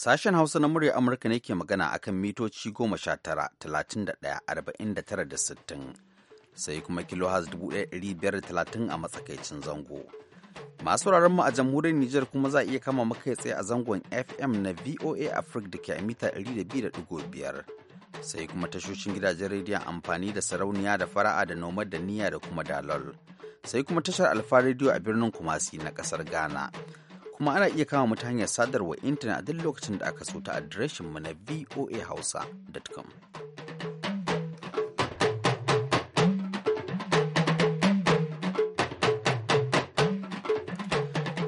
Sashen Hausa na murya Amurka ne ke magana a kan mitoci goma sha tara, talatin da ɗaya, arba'in da tara da sittin, sai kuma kilohaz dubu ɗaya ɗari biyar da talatin a matsakaicin zango. Masu wuraren mu a jamhuriyar Nijar kuma za a iya kama makai tsaye a zangon FM na VOA Africa da ke a mita ɗari da Sai kuma tashoshin gidajen rediyon amfani da sarauniya da fara'a da nomad da niyya da kuma dalol. Sai kuma tashar Alfa rediyo a birnin Kumasi na ƙasar Ghana. kuma ana iya kama mu ta hanyar sadarwa intanet a duk lokacin da aka so ta adireshin mu na voahausa.com.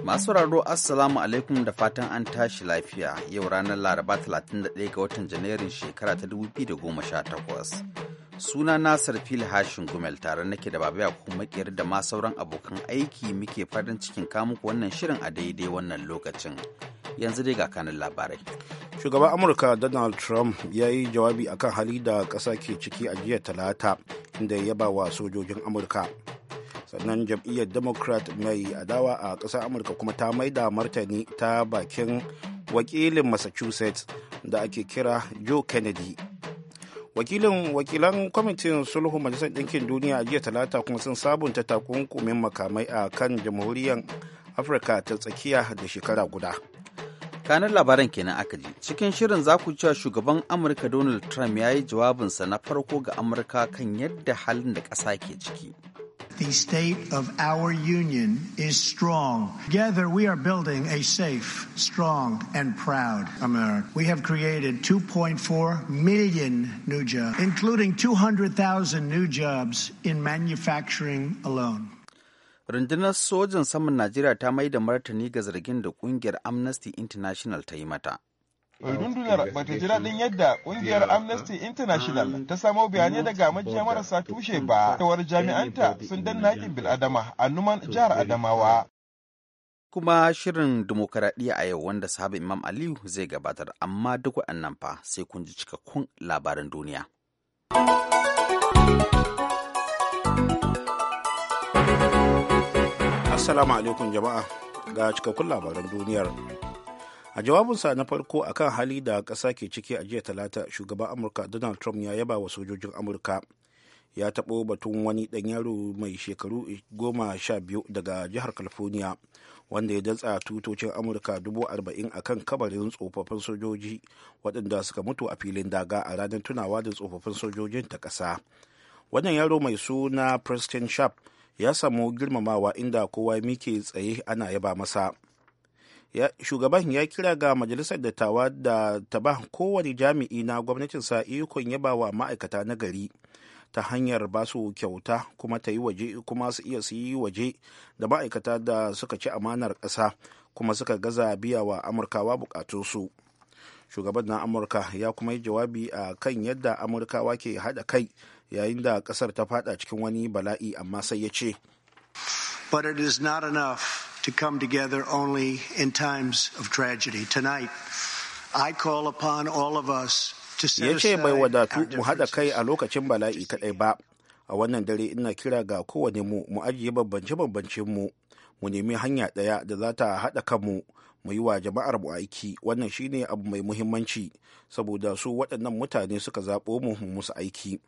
Masu sauraro Assalamu alaikum da fatan an tashi lafiya yau ranar Laraba 31 ga watan Janairun shekara ta 2018. suna nasar fil hashin gumel tare nake da babaya kuma makiyar da ma sauran abokan aiki muke farin cikin kamuku wannan shirin a daidai wannan lokacin yanzu dai ga kanin labarai shugaban amurka donald trump ya yi jawabi akan hali da ƙasa ke ciki a jiya talata inda ya ba wa sojojin amurka sannan jam'iyyar democrat mai adawa a ƙasar amurka kuma ta maida martani ta bakin wakilin massachusetts da ake kira joe kennedy wakilin wakilan kwamitin sulhu majalisar ɗinkin duniya a jiya talata kuma sun sabunta takunkumin makamai a kan jamhuriyar afirka ta tsakiya da shekara guda kanan labaran kenan aka ji cikin shirin za ku cewa shugaban amurka donald trump ya yi jawabinsa na farko ga amurka kan yadda halin da ƙasa ke ciki The state of our union is strong. Together, we are building a safe, strong, and proud America. We have created 2.4 million new jobs, including 200,000 new jobs in manufacturing alone. Rundunar sojan saman Najeriya ta mai da martani ga zargin da kungiyar Amnesty International ta yi mata rundunar eh, ba ta ji daɗin yadda ƙungiyar amnesty international ta samo bayanai daga majiya marasa tushe ba tawar jami'anta sun danna haƙƙin bil'adama a numan jihar adamawa kuma shirin dimokuraɗiyya a yau wanda sahabi imam aliyu zai gabatar amma duk waɗannan fa sai kun ji cikakkun labaran duniya assalamu alaikum jama'a ga cikakkun labaran duniyar a jawabinsa na farko akan hali da ƙasa ke ciki a jiya talata shugaban amurka donald trump ya yaba wa sojojin amurka ya taɓo batun wani ɗan yaro mai shekaru goma sha biyu daga jihar california wanda ya datsa tutocin amurka dubu arba'in a kan kabarin tsofaffin sojoji waɗanda suka mutu a filin daga a ranar tunawa da tsofaffin sojojin ta ƙasa wannan yaro mai suna preston sharp ya samu girmamawa inda kowa mike tsaye ana yaba masa shugaban ya kira ga majalisar dattawa da ta ba kowane jami'i na gwamnatin sa ikon yaba wa ma'aikata na gari ta hanyar ba su kyauta kuma ta yi waje kuma su iya su yi waje da ma'aikata da suka ci amanar ƙasa kuma suka gaza biya wa amurkawa bukatunsu shugaban na amurka ya kuma yi jawabi a kan yadda amurkawa ke haɗa kai yayin da ƙasar ta fada cikin wani bala'i amma sai ya ce but it is not to come together only in times of tragedy. Tonight, I call upon all of us to set Ya wadatu mu haɗa kai a lokacin bala'i kaɗai ba, a wannan dare ina kira ga kowane mu mu ajiye bambance-bambancen mu, mu nemi hanya ɗaya da za ta haɗa kanmu mu yi wa jama'ar mu aiki wannan shine abu mai muhimmanci saboda su waɗannan mutane suka zaɓo mu musu aiki.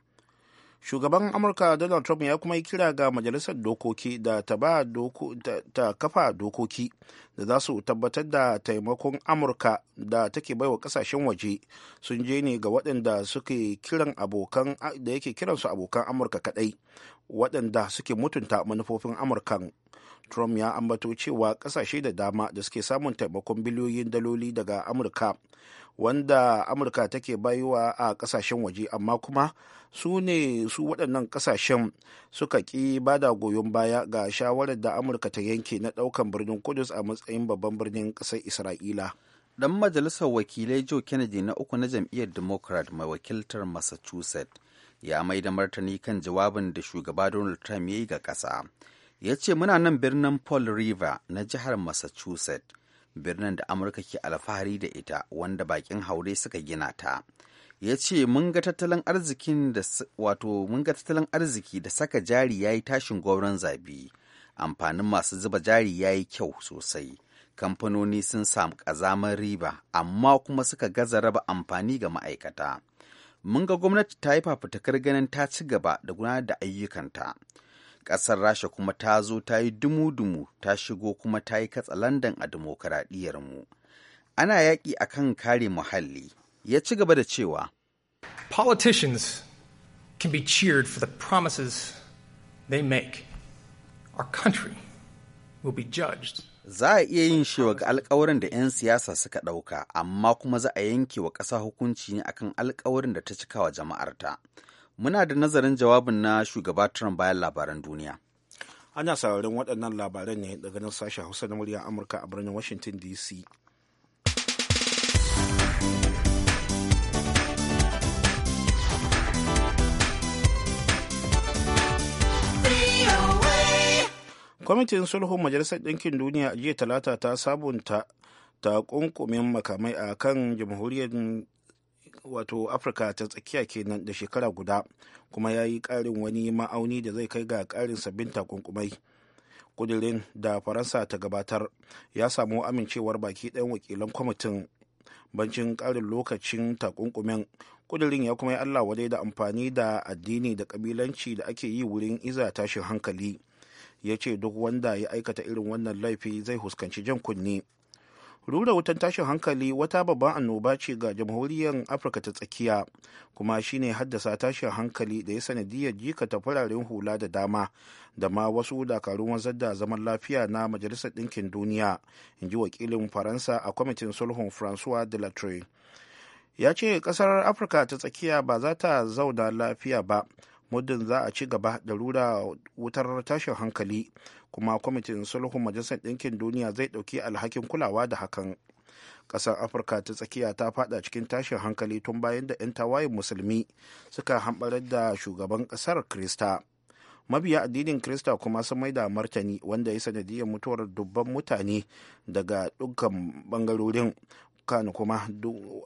shugaban amurka donald trump ya kuma yi kira ga majalisar dokoki da ta kafa dokoki da za su tabbatar da taimakon amurka da take baiwa kasashen waje sun je ne ga waɗanda suke kiran abokan da yake kiransu abokan amurka kaɗai waɗanda suke mutunta manufofin amurkan trump ya ambato cewa ƙasashe da dama da suke samun taimakon biliyoyin daloli daga amurka wanda amurka take bayuwa a kasashen waje amma kuma su ne su waɗannan kasashen suka ƙi bada goyon baya ga shawarar da amurka ta yanke na ɗaukan birnin kudus a matsayin babban birnin ƙasar isra'ila dan majalisar wakilai joe kennedy na uku na jam'iyyar democrat mai wakiltar massachusetts ya mai da martani kan jawabin da shugaba donald trump ya yi ga ƙasa ya ce muna nan birnin paul river na jihar massachusetts birnin da amurka ke alfahari da ita wanda bakin haure suka gina ta ya ce mun ga tattalin arzikin da wato mun tattalin arziki da saka jari ya yi tashin gwauron zabi amfanin masu zuba jari ya yi kyau sosai kamfanoni sun samu ƙazamar riba amma kuma suka gaza raba amfani ga ma'aikata mun ga gwamnati ta yi fafutukar ganin ta ci gaba da gudanar da ayyukanta ƙasar rasha kuma ta zo ta yi dumu-dumu ta shigo kuma ta yi katsa landan a mu ana yaƙi a kan kare muhalli ya ci gaba da cewa politicians can be cheered for the promises they make our country will be judged za a iya yin shewa ga alkawarin da 'yan siyasa suka ɗauka amma kuma za a yanke wa ƙasa hukunci ne akan alkawarin da ta cika wa jama'arta. Muna da nazarin jawabin na shugaba Trump bayan labaran duniya. Ana sararin waɗannan labaran ne daga nan sashen Hausa na muryar Amurka a birnin Washington DC. kwamitin sulhun majalisar ɗinkin duniya a jiya talata ta sabunta ta kunkumin makamai a kan jamhuriyar wato afirka ta tsakiya kenan da shekara guda kuma ya yi ƙarin wani ma'auni da zai kai ga ƙarin sabbin takunkumai kudirin da faransa ta gabatar ya samu amincewar baki ɗayan wakilan kwamitin bancin ƙarin lokacin takunkumin kudirin ya kuma yi allah wadai da amfani da addini da ƙabilanci da ake yi wurin iza tashin hankali ya ce duk wanda ya aikata irin wannan laifi zai huskanci jan kunni rura wutan tashin hankali wata babban annoba ce ga jamhuriyar afirka ta tsakiya kuma shine haddasa tashin hankali da ya sanadiyar jikata fararen hula da dama da ma wasu dakarun wanzar da zaman lafiya na majalisar ɗinkin duniya in ji wakilin faransa a kwamitin sulhun francois de ya ce kasar afirka ta tsakiya ba za ta zauna lafiya ba muddin za a ci gaba da rura wutar tashin hankali kuma kwamitin sulhun majalisar ɗinkin duniya zai ɗauki alhakin kulawa da hakan ƙasar afirka ta tsakiya ta fada cikin tashin hankali tun bayan da 'yan tawayen musulmi suka hambarar da shugaban ƙasar krista mabiya addinin krista kuma sun maida martani wanda ya sanadiyar mutuwar dubban mutane daga dukkan bangarorin kano kuma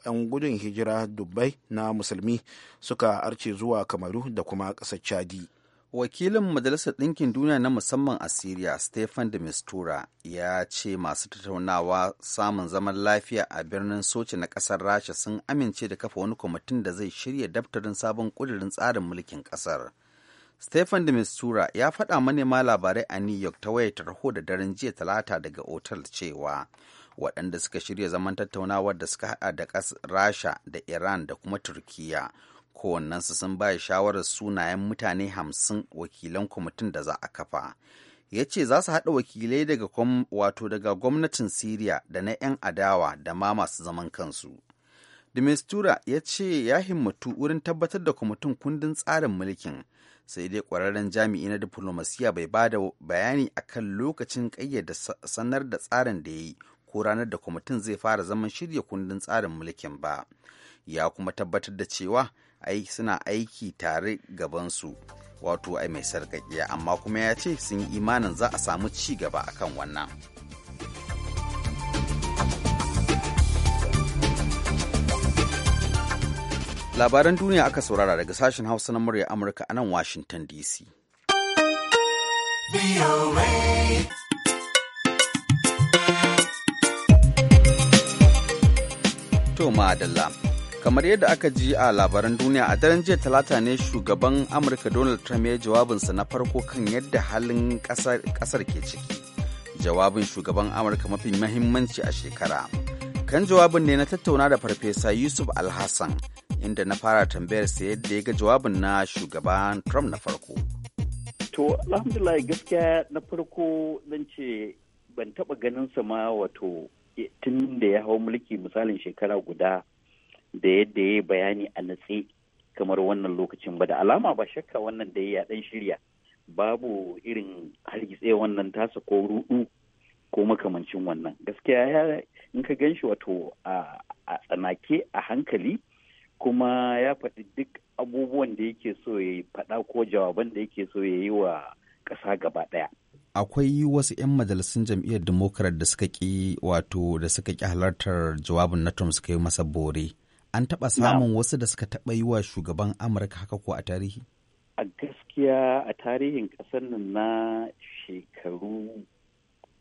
'yan gudun hijira dubbai na musulmi suka arce zuwa kamaru da kuma ƙasar chadi wakilin majalisar ɗinkin duniya na musamman a syria stefan de mistura ya ce masu tattaunawa samun zaman lafiya a birnin soci na ƙasar rasha sun amince da kafa wani kwamitin da zai shirya daftarin sabon ƙudurin tsarin mulkin ƙasar stefan de mistura ya faɗa manema labarai a new york ta wayar tarho da daren jiya talata daga otal cewa waɗanda suka shirya zaman tattaunawar da suka haɗa da rasha da iran da kuma turkiya kowannensu sun baya shawarar sunayen mutane hamsin wakilan kwamitin da za a kafa ya ce za su haɗa wakilai daga wato daga gwamnatin siriya da na 'yan adawa da ma masu zaman kansu Dimistura ya ce ya himmatu wurin tabbatar da kwamitin kundin tsarin mulkin sai dai ƙwararren jami'i na diflomasiya bai ba da bayani akan lokacin kayyada sanar da tsarin da ya yi ko ranar da kwamitin zai fara zaman shirya kundin tsarin mulkin ba ya kuma tabbatar da cewa suna aiki tare gabansu wato ai mai sarƙaƙiya amma kuma ya ce sun yi imanin za a samu ci gaba akan wannan labaran duniya aka saurara daga sashen hausa na murya amurka a nan washington dc To madalla. Kamar yadda aka ji a labaran duniya a daren jiya talata ne shugaban Amurka Donald Trump ya yi jawabinsa na farko kan yadda halin kasar ke ciki. Jawabin shugaban Amurka mafi mahimmanci a shekara. Kan jawabin ne na tattauna da Farfesa Yusuf Alhassan inda na fara tambayar sa yadda ya ga jawabin na shugaban Trump na farko. To, alhamdulillah gaskiya na farko zan ce ban taɓa ganin sa ma wato tun da ya hau mulki misalin shekara guda da yadda ya bayani a natse kamar wannan lokacin ba da alama ba shakka wannan da ya dan shirya babu irin hargitse wannan tasa ko rudu ko makamancin wannan gaskiya ya in ka gan shi wato a tsanake a hankali kuma ya faɗi duk abubuwan da yake so ya faɗa ko jawaban da yake so ya yi wa ƙasa gaba ɗaya. akwai wasu 'yan majalisun jam'iyyar democrat da suka ki wato da suka ki halartar jawabin na trump suka yi masa bore an taɓa samun wasu da suka taɓa yi wa shugaban amurka haka ko a tarihi a gaskiya a tarihin ƙasar nan na shekaru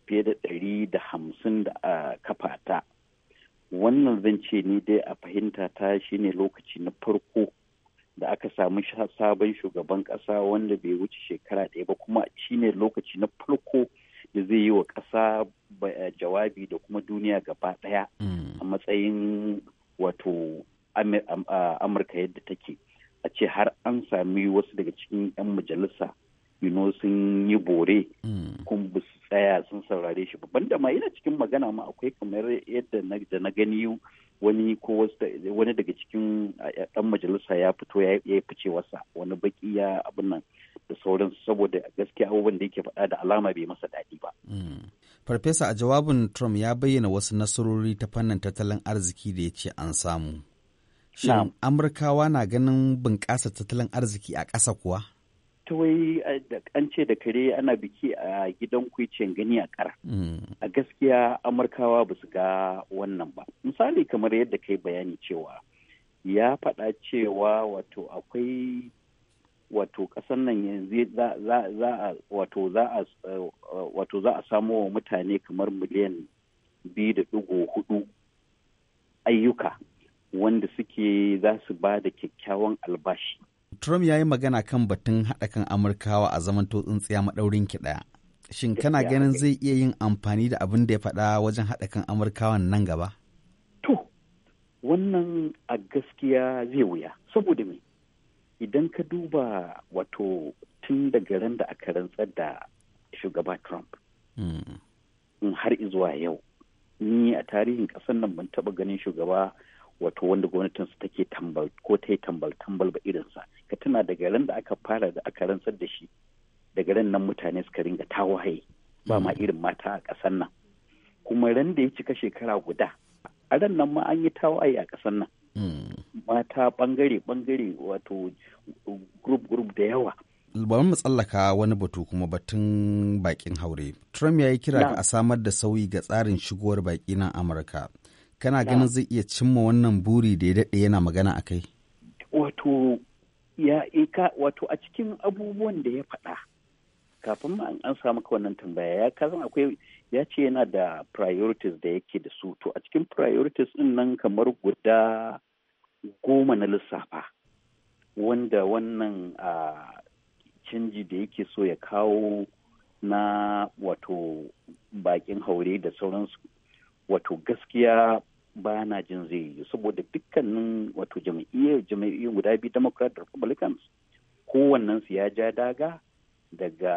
fiye da ɗari da hamsin da a kafata wannan zan ce ni dai a fahimta ta shine lokaci na farko da aka samu sabon shugaban kasa wanda bai wuce shekara ɗaya ba kuma shine lokaci na farko da zai yi wa kasa eh, jawabi da kuma duniya gaba ɗaya mm. a matsayin wato amurka yadda take a ce har an sami wasu daga cikin 'yan majalisa you sun yi bore mm. kun ba su tsaya sun saurare shi ba banda ma yana cikin magana ma akwai kamar yadda na gani wani ko wani daga cikin dan eh, majalisa ya fito ya yi ficewarsa wani baki ya abin nan da sauransu saboda gaskiya abubuwan da yake faɗa da alama bai masa daɗi ba. Hmm. Farfesa a jawabin Trump ya bayyana wasu nasarori ta fannin tattalin arziki da ya ce an samu. Shin Amurkawa na ganin bunƙasa tattalin arziki a ƙasa kuwa? tawai wai an ce da kare ana biki a gidan kwicin gani a kara mm. a gaskiya amurkawa ba su ga wannan ba misali kamar yadda kai bayani cewa ya faɗa cewa wato akwai wato ƙasar nan yanzu wato za a samo wa mutane kamar miliyan biyu da ɗigo hudu ayyuka wanda suke za su ba da kyakkyawan albashi Trump ya yi magana kan batun haɗa kan Amurkawa a zaman tsintsiya maɗaurin kiɗa. Shin kana ganin zai iya yin amfani da abin da ya faɗa wajen haɗa kan Amurkawan nan gaba? To, wannan a gaskiya zai wuya. Saboda me? Idan ka duba wato tun da ran da aka rantsar da shugaba Trump. Hmm. Har zuwa yau. Ni a tarihin ƙasar nan ban taɓa ganin shugaba wato wanda gwamnatinsu take tambal ko ta yi tambal tambal ba irinsa ka tuna daga ran da aka fara da aka rantsar da shi daga ran nan mutane suka ringa tawaye ba ma mm. irin mata a ƙasar nan kuma ran da ya cika shekara guda a ran nan ma an yi tawaye a ƙasar nan mm. mata bangare bangare wato group group da yawa ba mu tsallaka wani batu kuma batun bakin haure trump ya yi kira a samar da sauyi ga tsarin shigowar baki na amurka kana ganin zai iya cimma wannan buri da ya daɗe yana magana a kai wato eh, a cikin abubuwan da ya faɗa kafin ma an samu ka wannan tambaya ya kasan akwai ya ce yana da priorities da yake da su to a cikin priorities din nan kamar guda goma na lissafa wanda wannan canji da yake so ya kawo na wato bakin haure da sauransu wato gaskiya ba na jin zai yi saboda dukkanin wato jam'iyyar jam'iyyar guda biyu democrat da republicans kowannen su ya ja daga daga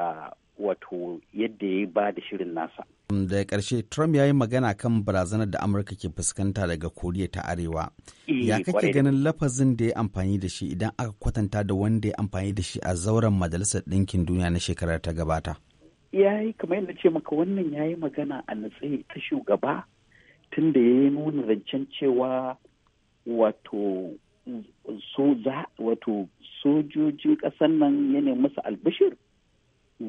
wato yadda ya ba da shirin nasa da karshe trump ya yi magana kan barazanar da amurka ke fuskanta daga koriya ta arewa eh, ya kake ganin lafazin da ya amfani da shi idan aka kwatanta da wanda ya amfani da shi a zauren majalisar ɗinkin duniya na shekarar ta gabata ya yi kamar yadda ce maka wannan ya yi magana a natsayi ta shugaba tun da ya nuna zancen cewa wato wato sojojin ƙasar nan ya musu albishir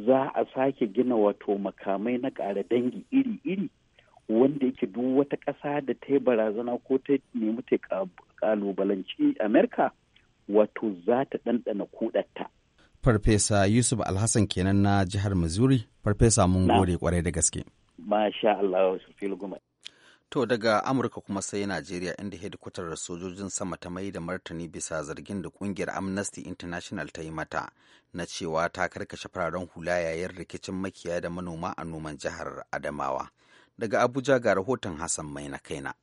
za a sake gina wato makamai na ƙara dangi iri-iri wanda yake duk wata ƙasa da ta yi barazana ko ta nemi ta ƙalubalanci amerika wato za ta ɗanɗana kuɗatta. farfesa yusuf alhassan kenan na jihar missouri farfesa mun gode kwarai da gaske. masha allah To daga Amurka kuma sai Najeriya inda hedikwatar sojojin sama ta mai da martani bisa zargin da kungiyar Amnesty International ta yi mata na cewa ta karkashe fararen hula yayin rikicin makiya da manoma a noman jihar Adamawa. Daga Abuja ga rahoton Hassan mai na kaina.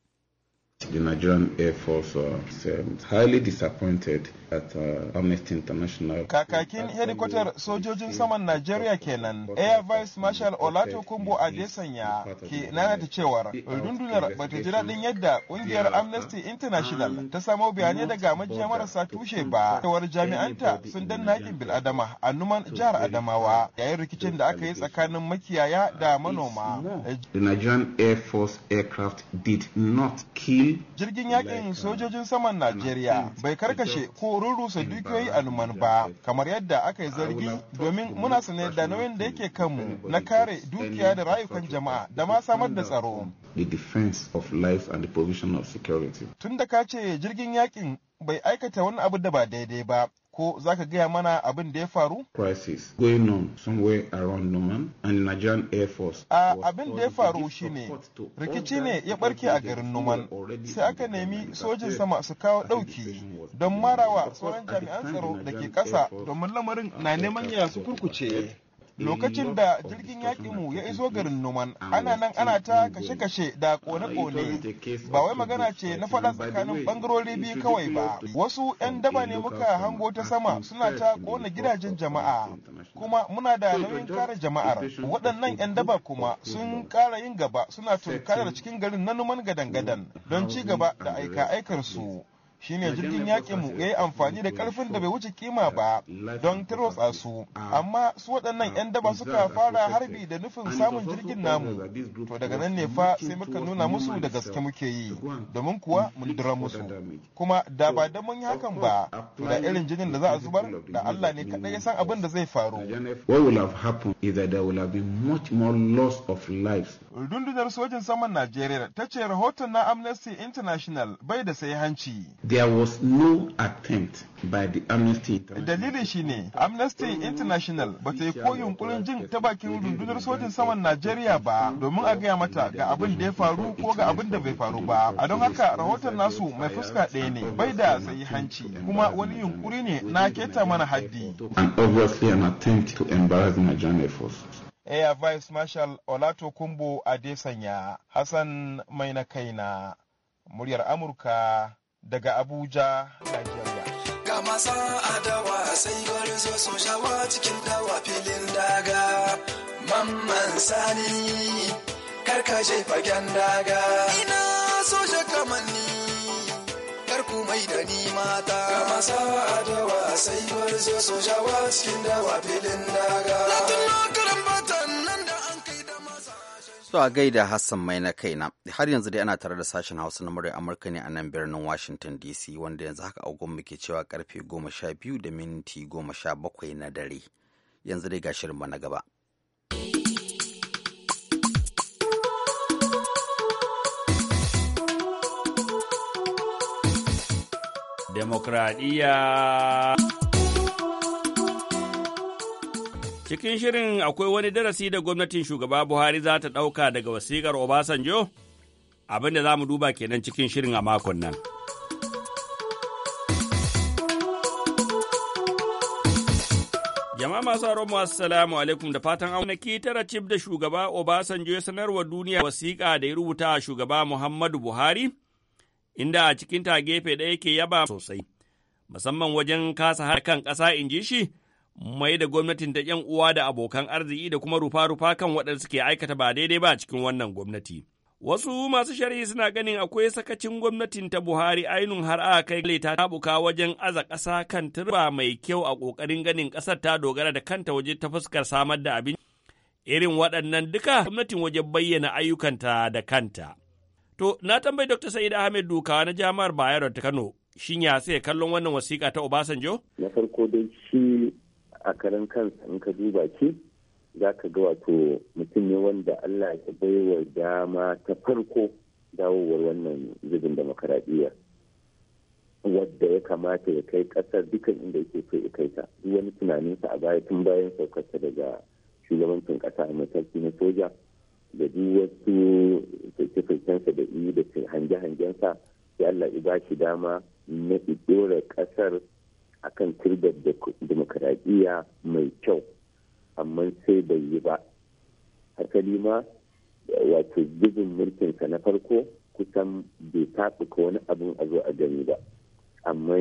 The Nigerian Air Force was um, highly disappointed at uh, Amnesty International. Kakakin hedikwatar sojojin saman Najeriya kenan, Air Vice Marshal Olato Kumbo Adesanya ke nanata cewar rundunar bata ji daɗin yadda ƙungiyar Amnesty International ta samo bayanai daga majiya marasa tushe ba. Cewar jami'anta sun danna bil bil'adama a numan jihar Adamawa yayin rikicin da aka yi tsakanin makiyaya da manoma. The Nigerian Air Force aircraft did not kill jirgin yakin sojojin saman najeriya bai karkashe ko rurrusa dukiyoyi aluman ba kamar yadda aka yi zargi domin muna sane da nauyin da yake kanmu na kare dukiya da rayukan jama'a da ma samar da tsaro tun da ka ce jirgin yakin bai aikata wani abu da ba daidai ba ko za ka gaya mana abin da ya faru? Crisis going on somewhere around Norman and Nigerian Air Force. A abin da ya faru shine rikici ne ya barke a garin Numan sai aka nemi sojin sama su kawo ɗauki don marawa sauran jami'an tsaro da ke ƙasa domin lamarin na neman ya su kurkuce. lokacin da jirgin yakinmu ya iso garin Numan ana nan ana ta kashe-kashe da kone-kone ba wai magana ce na faɗa tsakanin bangarori biyu kawai ba wasu 'yan daba ne muka hango ta sama suna ta kona gidajen jama'a kuma muna da nauyin kare jama'ar waɗannan 'yan daba kuma sun ƙara yin gaba suna tunkarar cikin garin na Numan gadan-gadan don ci gaba da aika-aikar shine jirgin yakin mu yayi amfani da karfin da bai wuce kima ba don tarwatsa su amma su waɗannan 'yan daba suka fara harbi da nufin samun jirgin namu to daga nan ne fa sai muka nuna musu da gaske muke yi domin kuwa mun dira musu kuma da ba da mun yi hakan ba to da irin jinin da za a zubar da Allah ne kadai ya san abin da zai faru what will will have happened is that there much more loss of lives. rundunar sojin saman Najeriya ta ce rahoton na Amnesty International bai da sai hanci There was no attempt by the Amnesty International. Dalilin shi ne Amnesty International ba ta yi ko yunkurin jin ta bakin rundunar sojin saman Najeriya ba domin a gaya mata ga abin da ya faru ko ga abin da bai faru ba. A don haka rahoton nasu mai fuska ɗaya ne bai da yi hanci kuma wani yunkuri ne na keta mana haddi. And obviously an attempt to embarrass Nigerian forces. Air Vice Marshal Olatokunbo Adesanya Hassan Maina Kaina, muryar Amurka daga Abuja, Najeriya. Ga masu adawa sai gwarzo sun shawa cikin dawa filin daga. Mamman sani karkashe fagen daga. Ina soja shakamanni karku mai da ni mata. Ga a adawa sai gwarzo sun shawa cikin dawa filin daga. So a gaida Hassan mai na kaina, har yanzu dai ana tare da sashen Hausa na murya Amurka ne a nan birnin Washington DC wanda yanzu haka agon ke cewa karfe goma sha biyu da minti goma sha bakwai na dare. Yanzu dai ga shirin na gaba. Demokradiyya Cikin shirin akwai wani darasi da gwamnatin shugaba Buhari za ta ɗauka daga wasiƙar Obasanjo? Abin da za mu duba kenan cikin shirin a makon nan. Jama'a masu haramu assalamu alaikum da fatan auna tara cif da shugaba Obasanjo ya sanarwa duniya wasiƙa da ya rubuta shugaba Muhammadu Buhari, inda a cikin ta gefe ɗaya ke yaba sosai, musamman wajen kasa harkan ƙasa in ji shi, mai da gwamnatin da ‘yan uwa da abokan arziki da kuma rufa-rufa kan waɗanda suke aikata ba daidai ba cikin wannan gwamnati. Wasu masu sharhi suna ganin akwai sakacin gwamnatin ta Buhari ainun har a kai ta tabuka wajen aza ƙasa kan turba mai kyau a ƙoƙarin ganin ƙasar ta dogara da kanta waje ta fuskar samar da abin. Irin waɗannan duka gwamnatin waje bayyana ayyukanta da kanta. To, na tambayi Dr. Sa'id Ahmed Dukawa na Jami'ar Bayero ta Kano, shin ya sai kallon wannan wasiƙa ta Obasanjo? Na farko dai shi a karan kansa in ka duba ki za ka ga wato mutum ne wanda Allah ya baiwa dama ta farko dawowar wannan zubin demokaradiyya wadda ya kamata ya kai kasar dukan inda yake so ya kai ta duk wani tunaninsa a baya tun bayan saukarsa daga shugabancin kasa a mataki na soja da duk wasu fice da iya da hange-hangensa ya Allah ya ba shi dama na ɗora kasar akan turbar demokaradiyya mai kyau amma sai bai yi ba hasali ma wato gizin mulkinsa na farko kusan bai ka wani abin a zo a gani ba amma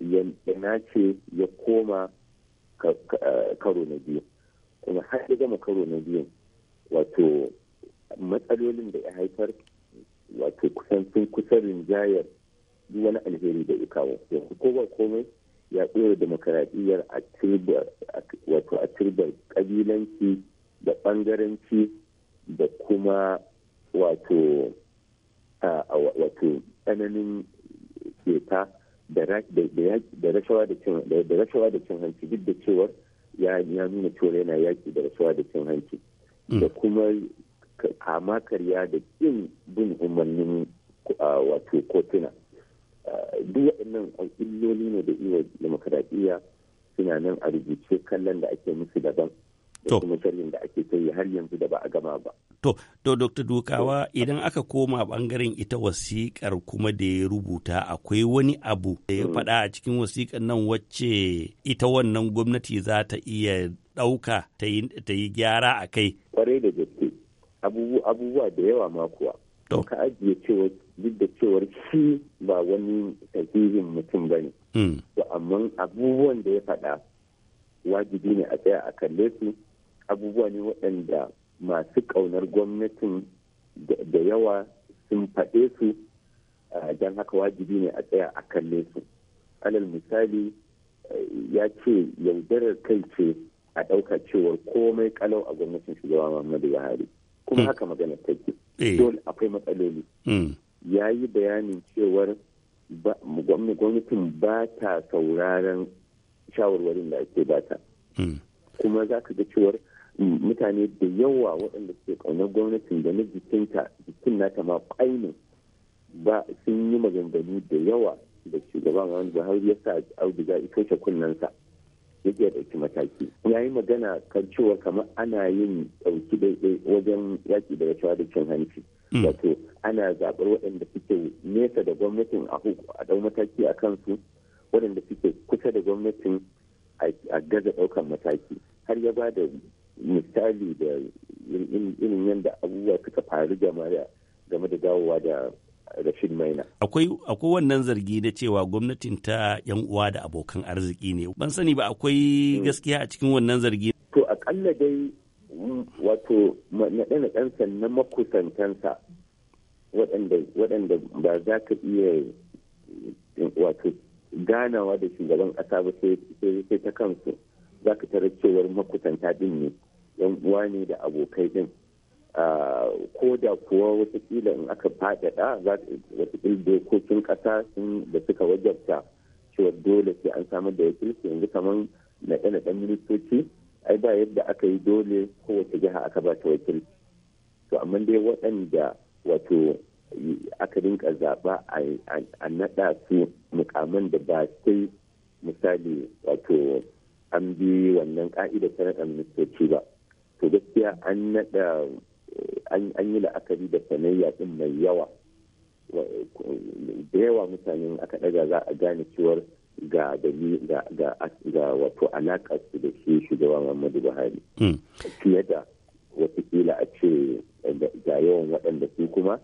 yana ce ya koma eh, karo na biyu kuma har ya gama karo na biyu wato matsalolin da ya haifar wato kusan sun kusa rinjayar duk wani alheri da ya kawo yanzu ko ba komai ya ɗora demokaradiyyar a turbar ƙabilanci da ɓangaranci da kuma wato tsananin keta da rashawa da cin hanci duk da cewar ya nuna cewar yana yaƙi da rashawa da cin hanci mm. da kuma kama karya da ƙin bin umarnin wato kotuna duk waɗannan illoli ne da iya demokradiyya suna nan a rubuce kallon da ake musu daban da kuma sharhin da ake ta har yanzu da ba a gama ba. To, to Dr. Dukawa idan aka koma bangaren ita wasikar kuma da ya rubuta akwai wani abu da ya mm. faɗa a cikin wasikar nan wacce ita wannan gwamnati za ta iya ɗauka ta yi gyara a kai. Kwarai da gaske, abubuwa da yawa ma kuwa. Ka ajiye cewa duk da cewar shi ba wani sahihin mutum ba ne. Hmm. To amma abubuwan da ya faɗa wajibi ne a tsaya a kalle su abubuwa ne waɗanda masu ƙaunar gwamnatin da yawa sun faɗe su don haka wajibi ne a tsaya a kalle su. Alal misali eh, ya ce yaudarar kai ce a ɗauka cewar komai kalau a gwamnatin shugaba Muhammadu Buhari. Kuma hmm. haka magana take. Eh. Dole akwai matsaloli. Hmm. ya yi bayanin cewar gwamnatin ba ta sauraron shawarwarin da ake bata hmm. kuma za ka ga cewar mm, mutane da yawa waɗanda suke ƙaunar gwamnatin da na jikinta jikin nata ma ƙainin ba sun yi maganganu da yawa da shugaban wani buhari ya sa auduga ya toshe kunnensa ke ɗauki mataki ya yi magana kan cewa kamar ana yin ɗauki daidai wajen yaƙi da rashawa da cin hanci Mm. wato ana zaɓar waɗanda suke nesa da gwamnatin a ɗau mataki a kansu waɗanda suke kusa da gwamnatin a gaza ɗaukar mataki har ya ba da misali da irin yadda abubuwa suka faru game da dawowa da rashin Maina. Akwai akwai wannan zargi na cewa gwamnatin ta yan uwa da abokan arziki ne. Ban sani ba akwai mm. gaskiya a cikin wannan zargi. To akalla dai wato naɗe-naɗensa na makusantansa waɗanda ba za ka iya eh, wato ganawa da shugaban ƙasa ba sai ta kansu za ka tarar cewar makusanta ɗin ne yan uwa ne da abokai ɗin ah, ko da kuwa watakila in aka faɗaɗa watakila dokokin ƙasa da suka wajabta cewa dole sai an samar da wakilci yanzu kamar naɗe-naɗen ministoci ai ba yadda aka yi dole kowace jiha aka ba ta wakil to amma dai waɗanda wato aka rinka zaɓa a naɗa su mukaman da ba sai misali wato an bi wannan ka'ida ta naɗa ministoci ba to gaskiya an naɗa an yi la'akari da sanayya ɗin mai yawa da yawa mutane aka ɗaga za a gane cewar ga ga ga wato alaƙa su da shi shugaba Muhammadu Buhari. Hmm. Fiye da watakila a ce ga yawan waɗanda su kuma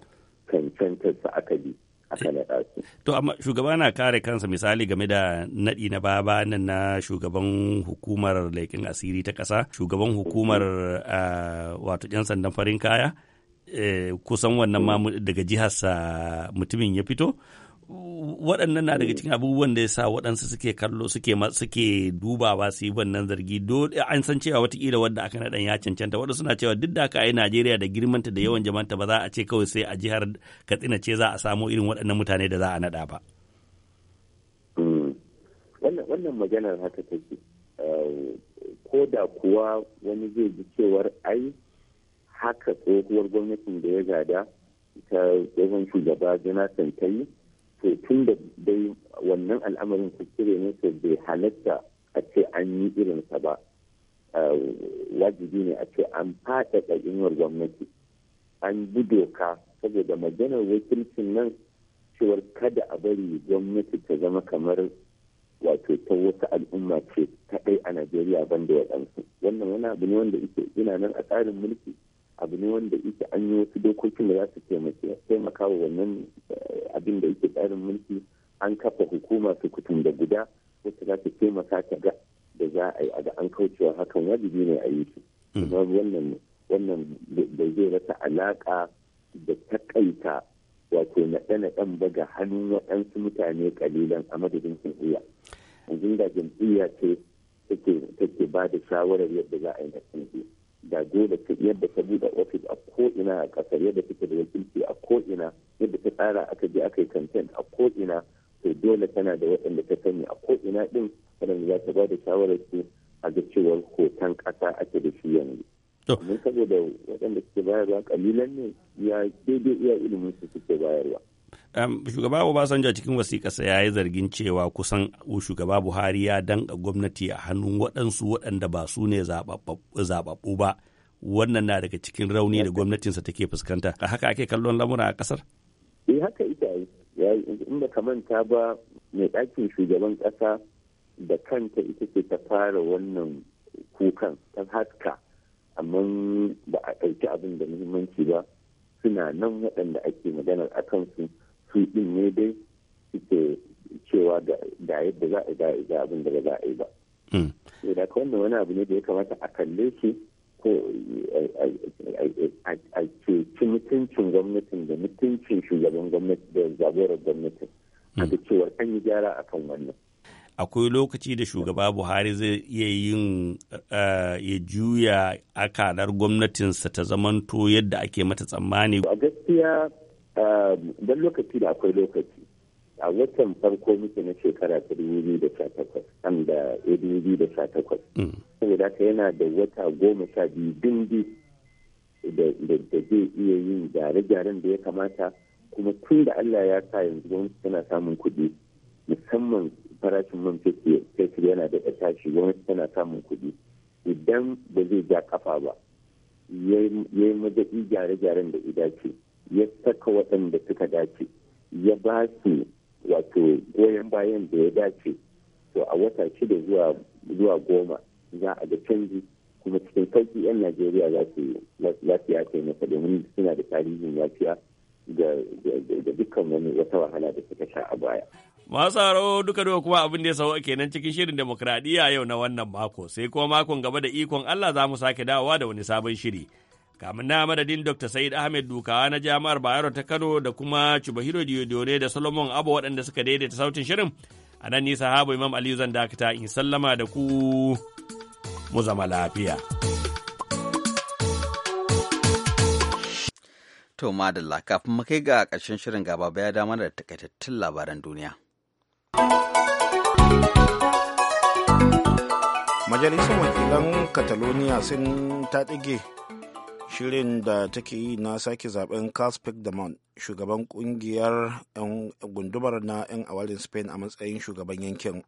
cancantar su aka bi. To amma shugaba na kare kansa misali game da naɗi na baba nan na shugaban hukumar laikin asiri ta ƙasa, shugaban hukumar wato 'yan sandan farin kaya, eh, kusan wannan ma daga jiharsa mutumin ya fito. waɗannan na daga cikin abubuwan da ya sa waɗansu suke kallo suke suke dubawa su yi wannan zargi an san cewa watakila wadda aka naɗan ya cancanta wadda suna cewa duk da aka yi najeriya da girmanta da yawan jamanta ba za a ce kawai sai a jihar katsina ce za a samo irin waɗannan mutane da za a naɗa ba. Hmm. wannan maganar haka take ko da kuwa wani zai ji cewar ai haka tsohuwar gwamnatin da ya gada ta tsohon shugaba jonathan Tayi to tun da dai wannan al'amarin cire ne su bai halatta a ce an yi irin sa ba eh, wajibi ne a ce an faɗaɗa inuwar gwamnati an bi doka saboda maganar wakilcin nan cewar kada a bari gwamnati ta zama kamar wato ta wata al'umma ce kaɗai a najeriya banda waɗansu wannan wani abu ne wanda ina nan a tsarin mulki abu ne wanda ita an yi wasu dokokin da za su taimaka wa wannan eh, abin da yake tsarin mulki an kafa hukuma su kutum da guda wacce za ta taimaka ta ga da za a yi a an kaucewa hakan wajibi ne a yi su hmm. wannan wannan da zai rasa alaka da takaita wato ɗana ɗan ba ga hannun waɗansu mutane ƙalilan a madadin jam'iyya yanzu da jam'iyya ce take ba da shawarar yadda za a yi na jam'iyya da dole yadda ta buɗe ofis a ko'ina a ƙasar yadda take da wakilci a ko ina yadda ta tsara aka je aka yi content a ko ina to dole tana da waɗanda ta sani a ko'ina ɗin waɗanda za ta ba da shawarar su a ga cewar hoton ƙasa ake da shi yanzu. Mun saboda waɗanda suke bayarwa ƙalilan ne ya daidai iya ilimin su suke bayarwa. shugaba Obasanjo cikin wasiƙarsa ya yi zargin cewa kusan shugaba Buhari ya danka gwamnati a hannun waɗansu waɗanda ba su ne zaɓaɓɓu ba. Wannan na daga cikin rauni da gwamnatinsa take fuskanta. A haka ake kallon lamura a ƙasar? Eh haka ita yi. In ba ka manta ba mai ɗakin shugaban ƙasa da kanta ita ce ta fara wannan kukan ta haska amma ba a ɗauki abin da muhimmanci ba suna nan waɗanda ake maganar a kansu. su ɗin ne dai suke cewa da yadda za a yi ga abin da za a yi ba. Mm. Da ka wani abu ne da ya kamata a kalle shi ko a ceci mutuncin gwamnatin da mutuncin shugaban gwamnati da zagorar gwamnati. A da mm. cewar an yi gyara a kan wannan. akwai lokaci da shugaba buhari zai iya yin ya juya akalar gwamnatinsa ta zamanto yadda ake mata tsammani a gaskiya Ehm, don lokaci da akwai lokaci a watan farko muke na shekara ta dubu da sha takwas an da eh, dubu da sha takwas mm. saboda haka yana da wata goma sha biyu dindi da zai iya yin gyare-gyaren da ya kamata kuma tun da allah ya sa yanzu gwamnati tana samun kuɗi musamman farashin man fetur yana da tashi gwamnati tana samun kuɗi idan ba zai ja kafa ba ya yi gyare-gyaren da idace ya saka waɗanda suka dace ya ba su wato goyon bayan da ya dace to a wata shida zuwa goma za a ga canji kuma cikin sauki 'yan najeriya za su ya taimaka domin suna da tarihin yafiya da dukkan wani wata wahala da suka sha a baya. Masu haro duka duka kuma abin da ya sauwa kenan cikin shirin demokradiyya yau na wannan mako sai kuma makon gaba da ikon Allah za mu sake dawowa da wani sabon shiri. kamun na madadin dr said ahmed dukawa na jami'ar bayero ta kano da kuma chubahiro diodore da solomon abu waɗanda suka daidaita sautin shirin a nan nisa habu imam aliyu zan dakata in sallama da ku mu zama lafiya. To madalla kafin mu kai ga ƙarshen shirin gaba ya dama da takaitattun labaran duniya. Majalisar wakilan Catalonia sun ta shirin da take yi na sake zaben Carls Puigdemont shugaban kungiyar gundumar na 'yan awalin Spain a matsayin shugaban yankin.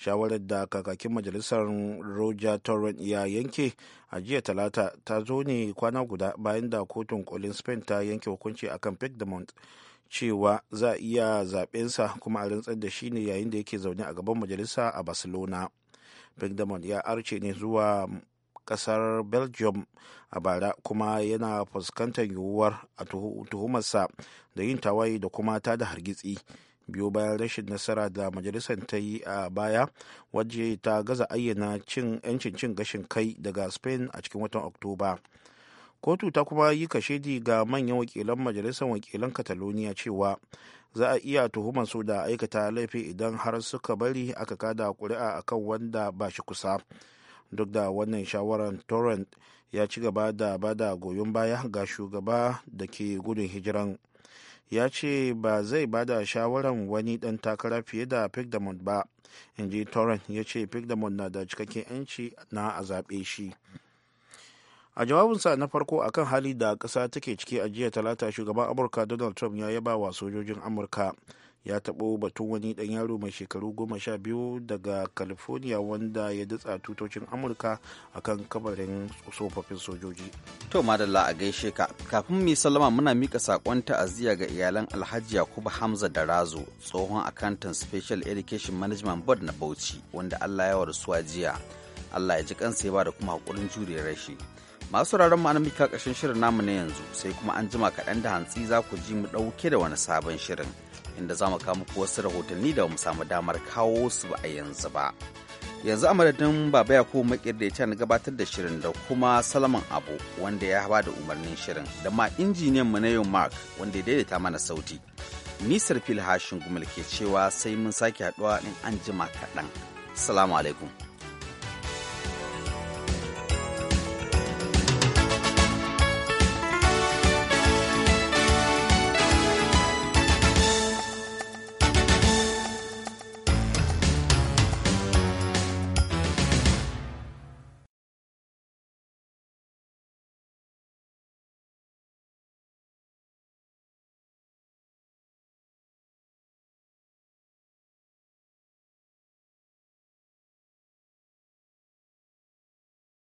Shawarar da kakakin majalisar Roger Torrent ya yanke a jiya talata ta zo ne kwana guda bayan da kotun kolin Spain ta yanke hukunci akan Puigdemont cewa za a iya zaɓensa kuma a rantsar da shi ne yayin da yake zaune a gaban majalisa a Barcelona. Puigdemont ya arce ne zuwa kasar belgium a bara kuma yana fuskantar yiwuwar a tuhumarsa da yin tawaye da kuma ta da hargitsi biyu bayan rashin nasara da majalisar ta yi a baya waje ta gaza ayyana cin 'yancin cin gashin kai daga spain a cikin watan oktoba kotu ta kuma yi kashedi ga manyan wakilan majalisar wakilan catalonia cewa za a iya tuhumar su da aikata laifi idan har suka bari aka kada kuri'a akan wanda ba shi kusa duk da wannan shawarar torrent ya ci gaba da bada goyon baya ga shugaba da ke gudun hijiran ya ce ba zai bada shawarar wani dan takara fiye da pigdamont ba in ji torrent ya ce pigdamont na da cikakken 'yanci na a zaɓe shi a jawabinsa na farko akan hali da ƙasa take ciki a jiya talata shugaban amurka donald trump ya yaba wa sojojin amurka ya taɓo batun wani ɗan yaro mai shekaru goma sha biyu daga california wanda ya datsa tutocin amurka akan kan kabarin tsofaffin sojoji to madalla a gaishe ka kafin mai sallama muna mika saƙon ta'aziyya ga iyalan alhaji yakubu hamza da razo tsohon akantan special education management board na bauchi wanda allah ya wa jiya allah ya ji kansa ya ba da kuma haƙurin jure rashi masu sauraron mu mika ƙarshen shirin namu na yanzu sai kuma an jima kaɗan da hantsi za ku ji mu ɗauke da wani sabon shirin inda za mu kawo muku wasu rahotanni da mu samu damar kawo su ba a yanzu ba. Yanzu amadadin Baba Yakubu Makir da ya na gabatar da shirin da kuma Salaman Abu wanda ya haɓa da umarnin shirin da ma injiniyan mu na yau Mark wanda ya daidaita mana sauti. Nisar Fil Hashin Gumal ke cewa sai mun sake haɗuwa in an jima kaɗan. Salamu alaikum.